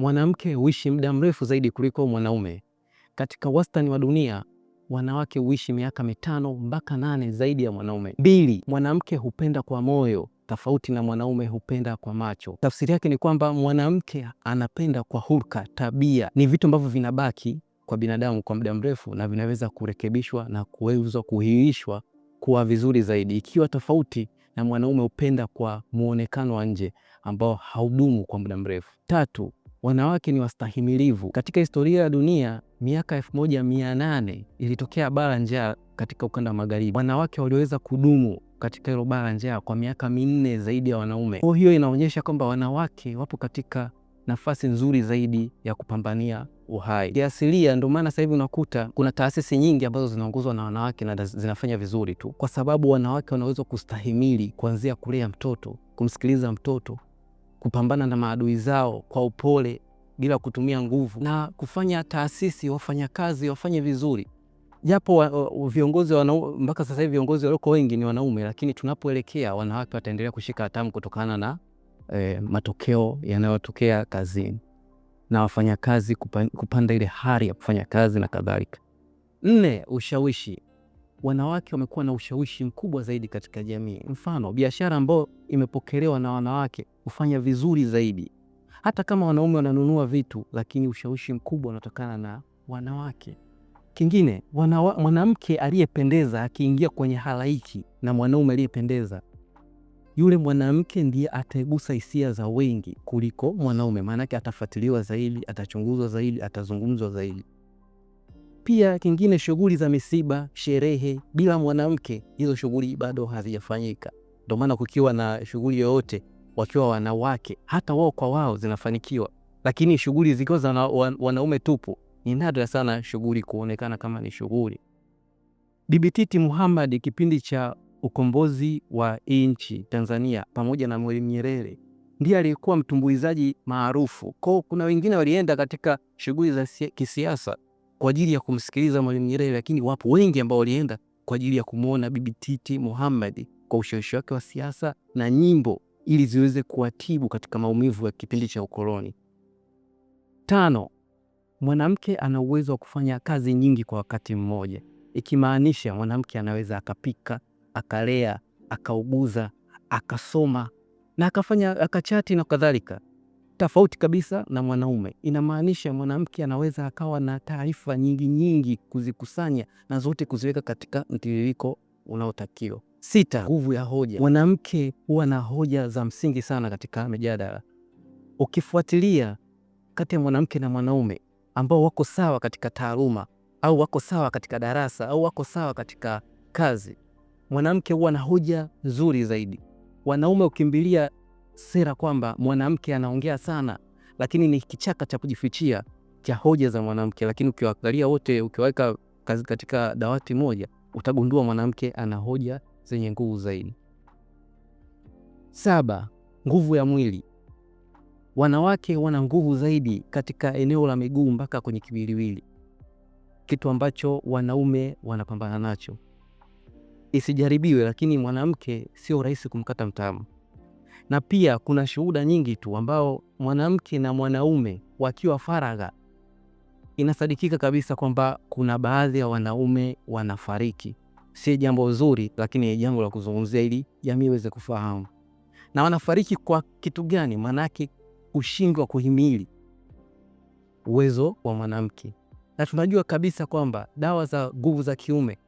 mwanamke huishi muda mrefu zaidi kuliko mwanaume. Katika wastani wa dunia, wanawake huishi miaka mitano mpaka nane zaidi ya mwanaume. Mbili, mwanamke hupenda kwa moyo tofauti na mwanaume hupenda kwa macho. Tafsiri yake ni kwamba mwanamke anapenda kwa hulka, tabia. Ni vitu ambavyo vinabaki kwa binadamu kwa muda mrefu na vinaweza kurekebishwa na kuwezwa kuhiishwa kuwa vizuri zaidi, ikiwa tofauti na mwanaume hupenda kwa muonekano wa nje ambao haudumu kwa muda mrefu. Tatu, wanawake ni wastahimilivu. Katika historia ya dunia miaka elfu moja mia nane ilitokea bara njaa katika ukanda wa magharibi. Wanawake waliweza kudumu katika hilo bara njaa kwa miaka minne zaidi ya wanaume. Kwa hiyo inaonyesha kwamba wanawake wapo katika nafasi nzuri zaidi ya kupambania uhai kiasilia. Ndio maana sasa hivi unakuta kuna taasisi nyingi ambazo zinaongozwa na wanawake na zinafanya vizuri tu, kwa sababu wanawake wanaweza kustahimili kuanzia kulea mtoto, kumsikiliza mtoto kupambana na maadui zao kwa upole bila kutumia nguvu na kufanya taasisi wafanyakazi wafanye vizuri, japo wa, wa, viongozi mpaka sasa hivi viongozi walioko wengi ni wanaume, lakini tunapoelekea wanawake wataendelea kushika hatamu kutokana na eh, matokeo yanayotokea kazini na wafanyakazi kupanda ile hari ya kufanya kazi na kadhalika. Nne, ushawishi wanawake wamekuwa na ushawishi mkubwa zaidi katika jamii. Mfano, biashara ambayo imepokelewa na wanawake hufanya vizuri zaidi, hata kama wanaume wananunua vitu, lakini ushawishi mkubwa unatokana na wanawake. Kingine, mwanamke aliyependeza akiingia kwenye halaiki na mwanaume aliyependeza, yule mwanamke ndiye ataigusa hisia za wengi kuliko mwanaume, maanake atafuatiliwa zaidi, atachunguzwa zaidi, atazungumzwa zaidi pia kingine, shughuli za misiba, sherehe, bila mwanamke hizo shughuli bado hazijafanyika. Ndio maana kukiwa na shughuli yoyote, wakiwa wanawake, hata wao kwa wao zinafanikiwa, lakini shughuli zikiwa za wanaume tupu, ni nadra sana shughuli kuonekana kama ni shughuli. Bibi Titi Muhammad kipindi cha ukombozi wa nchi Tanzania pamoja na Mwalimu Nyerere ndiye aliyekuwa mtumbuizaji maarufu kwao. Kuna wengine walienda katika shughuli za kisiasa kwa ajili ya kumsikiliza Mwalimu Nyerere, lakini wapo wengi ambao walienda kwa ajili ya kumwona Bibi Titi Mohamed kwa ushawishi wake wa siasa na nyimbo ili ziweze kuwatibu katika maumivu ya kipindi cha ukoloni. Tano, mwanamke ana uwezo wa kufanya kazi nyingi kwa wakati mmoja, ikimaanisha mwanamke anaweza akapika, akalea, akauguza, akasoma na akafanya akachati na kadhalika tofauti kabisa na mwanaume. Inamaanisha mwanamke anaweza akawa na taarifa nyingi nyingi, kuzikusanya na zote kuziweka katika mtiririko unaotakiwa. Sita, nguvu ya hoja. Mwanamke huwa na hoja za msingi sana katika mijadala. Ukifuatilia kati ya mwanamke na mwanaume ambao wako sawa katika taaluma au wako sawa katika darasa au wako sawa katika kazi, mwanamke huwa na hoja nzuri zaidi. Wanaume ukimbilia sera kwamba mwanamke anaongea sana, lakini ni kichaka cha kujifichia cha hoja za mwanamke. Lakini ukiwaangalia wote, ukiwaweka kazi katika dawati moja, utagundua mwanamke ana hoja zenye nguvu zaidi. Saba, nguvu ya mwili. Wanawake wana nguvu zaidi katika eneo la miguu mpaka kwenye kiwiliwili, kitu ambacho wanaume wanapambana nacho. Isijaribiwe, lakini mwanamke sio rahisi kumkata mtamu na pia kuna shuhuda nyingi tu ambao mwanamke na mwanaume wakiwa faragha, inasadikika kabisa kwamba kuna baadhi ya wanaume wanafariki. Si jambo zuri, lakini ni jambo la kuzungumzia ili jamii iweze kufahamu. Na wanafariki kwa kitu gani? Maanake kushindwa kuhimili uwezo wa mwanamke, na tunajua kabisa kwamba dawa za nguvu za kiume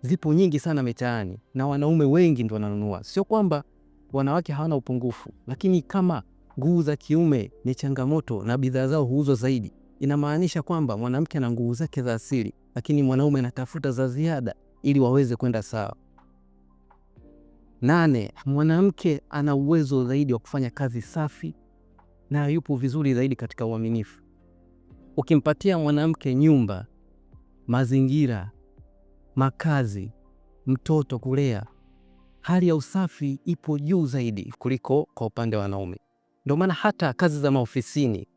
zipo nyingi sana mitaani na wanaume wengi ndi wananunua, sio kwamba wanawake hawana upungufu, lakini kama nguvu za kiume ni changamoto na bidhaa zao huuzwa zaidi, inamaanisha kwamba mwanamke ana nguvu zake za asili, lakini mwanaume anatafuta za ziada ili waweze kwenda sawa. Nane, mwanamke ana uwezo zaidi wa kufanya kazi safi na yupo vizuri zaidi katika uaminifu. Ukimpatia mwanamke nyumba, mazingira, makazi, mtoto kulea, hali ya usafi ipo juu zaidi kuliko kwa upande wa wanaume. Ndio maana hata kazi za maofisini,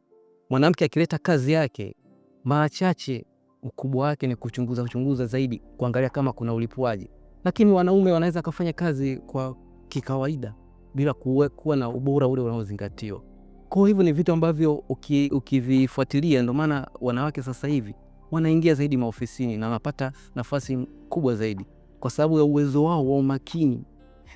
mwanamke akileta kazi yake, mara chache ukubwa wake ni kuchunguza uchunguza zaidi, kuangalia kama kuna ulipuaji, lakini wanaume wanaweza kufanya kazi kwa kikawaida bila kuwa na ubora ule unaozingatiwa. Kwa hivyo ni vitu ambavyo ukivifuatilia, ndio maana wanawake sasa hivi wanaingia zaidi maofisini na wanapata nafasi kubwa zaidi kwa sababu ya uwezo wao wa umakini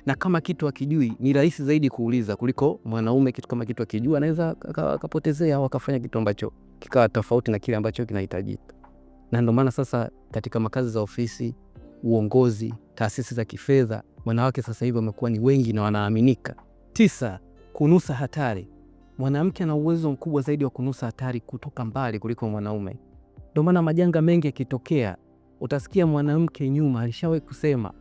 na kama kitu akijui ni rahisi zaidi kuuliza kuliko mwanaume. Kitu kama kitu akijua anaweza akapotezea au akafanya kitu ambacho kikawa tofauti na kile ambacho kinahitajika. Na ndio maana sasa katika makazi za ofisi, uongozi, taasisi za kifedha, wanawake sasa hivi wamekuwa ni wengi na wanaaminika. Tisa, kunusa hatari. Mwanamke ana uwezo mkubwa zaidi wa kunusa hatari kutoka mbali kuliko mwanaume. Ndio maana majanga mengi yakitokea, utasikia mwanamke nyuma alishawahi kusema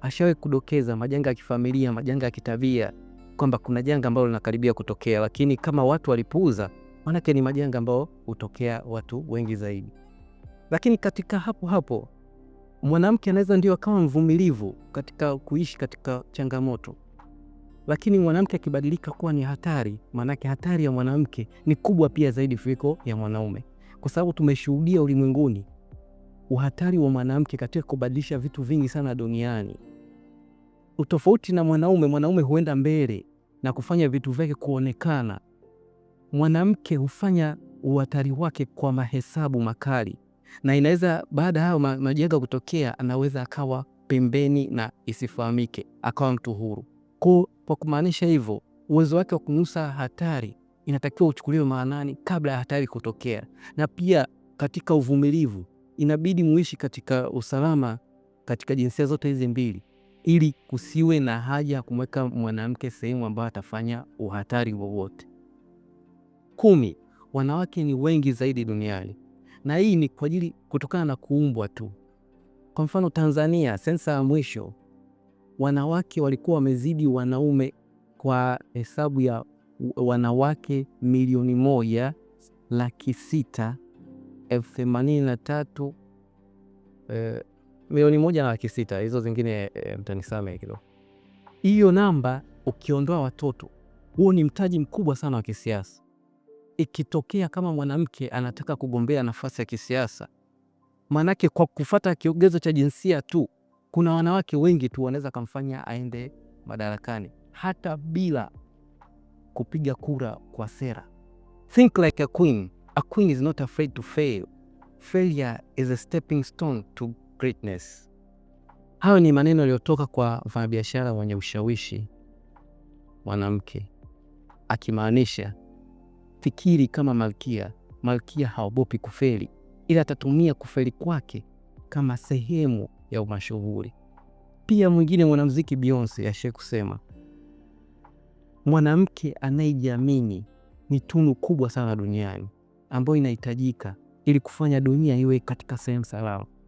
ashawahi kudokeza majanga ya kifamilia, majanga ya kitabia, kwamba kuna janga ambalo linakaribia kutokea, lakini kama watu walipuuza, maanake ni majanga ambayo hutokea watu wengi zaidi. Lakini katika hapo hapo mwanamke anaweza ndio akawa mvumilivu katika kuishi katika changamoto, lakini mwanamke akibadilika kuwa ni hatari, maanake hatari ya mwanamke ni kubwa pia zaidi kuliko ya mwanaume, kwa sababu tumeshuhudia ulimwenguni uhatari wa mwanamke katika kubadilisha vitu vingi sana duniani. Utofauti na mwanaume, mwanaume huenda mbele na kufanya vitu vyake kuonekana. Mwanamke hufanya uhatari wake kwa mahesabu makali, na inaweza baada hayo majanga kutokea, anaweza akawa pembeni na isifahamike, akawa mtu huru. Kwa kumaanisha hivyo, uwezo wake wa kunusa hatari inatakiwa uchukuliwe maanani kabla ya hatari kutokea, na pia katika uvumilivu inabidi muishi katika usalama katika jinsia zote hizi mbili ili kusiwe na haja ya kumweka mwanamke sehemu ambayo atafanya uhatari wowote. Kumi, wanawake ni wengi zaidi duniani, na hii ni kwa ajili kutokana na kuumbwa tu. Kwa mfano Tanzania, sensa ya mwisho wanawake walikuwa wamezidi wanaume kwa hesabu ya wanawake milioni moja laki sita elfu themanini na tatu eh, milioni moja na laki sita. Hizo zingine e, mtanisame kidogo. Hiyo namba ukiondoa watoto, huo ni mtaji mkubwa sana wa kisiasa. Ikitokea kama mwanamke anataka kugombea nafasi ya kisiasa, maanake kwa kufata kigezo cha jinsia tu, kuna wanawake wengi tu wanaweza kumfanya aende madarakani hata bila kupiga kura kwa sera. Think like a queen. A queen is not afraid to fail. Failure is a stepping stone to greatness. Hayo ni maneno yaliyotoka kwa mfanyabiashara mwenye ushawishi mwanamke, akimaanisha fikiri kama malkia. Malkia haogopi kufeli, ila atatumia kufeli kwake kama sehemu ya umashuhuri. Pia mwingine mwanamuziki Beyonce ashe kusema mwanamke anayejiamini ni tunu kubwa sana duniani ambayo inahitajika ili kufanya dunia iwe katika sehemu salama.